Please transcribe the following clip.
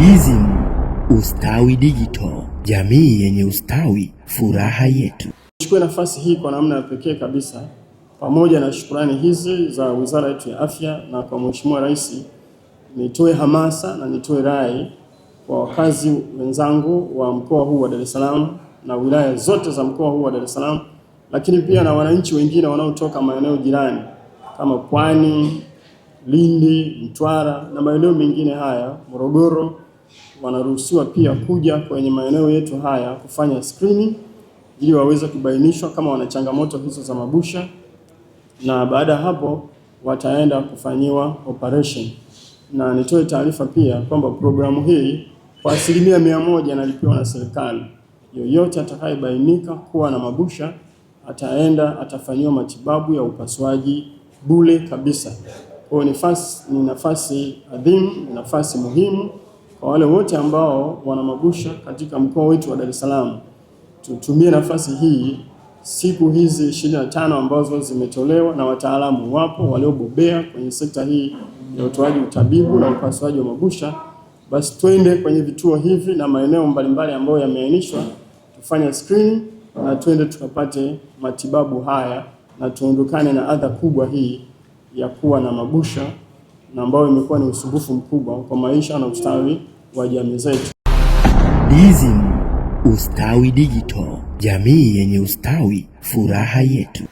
Dizim, ustawi digital, jamii yenye ustawi, furaha yetu. Chukue nafasi hii kwa namna ya pekee kabisa, pamoja na shukurani hizi za wizara yetu ya afya na kwa Mheshimiwa Rais, nitoe hamasa na nitoe rai kwa wakazi wenzangu wa mkoa huu wa Dar es Salaam na wilaya zote za mkoa huu wa Dar es Salaam, lakini pia na wananchi wengine wanaotoka maeneo jirani kama Pwani, Lindi, Mtwara na maeneo mengine haya Morogoro wanaruhusiwa pia kuja kwenye maeneo yetu haya kufanya screening ili waweze kubainishwa kama wana changamoto hizo za mabusha, na baada ya hapo wataenda kufanyiwa operation. Na nitoe taarifa pia kwamba programu hii kwa asilimia mia moja analipiwa na serikali. Yoyote atakayebainika kuwa na mabusha ataenda atafanyiwa matibabu ya upasuaji bule kabisa. Kwa hiyo ni nafasi adhimu, ni nafasi muhimu kwa wale wote ambao wana magusha katika mkoa wetu wa Dar es Salaam, tutumie nafasi hii siku hizi ishirini na tano ambazo zimetolewa na wataalamu wapo waliobobea kwenye sekta hii ya utoaji utabibu na upasuaji wa magusha basi twende kwenye vituo hivi na maeneo mbalimbali ambayo yameainishwa, tufanye screen na twende tukapate matibabu haya na tuondokane na adha kubwa hii ya kuwa na magusha na ambayo imekuwa ni usumbufu mkubwa kwa maisha na ustawi wa jamii zetu. DSM Ustawi Digital, jamii yenye ustawi, furaha yetu.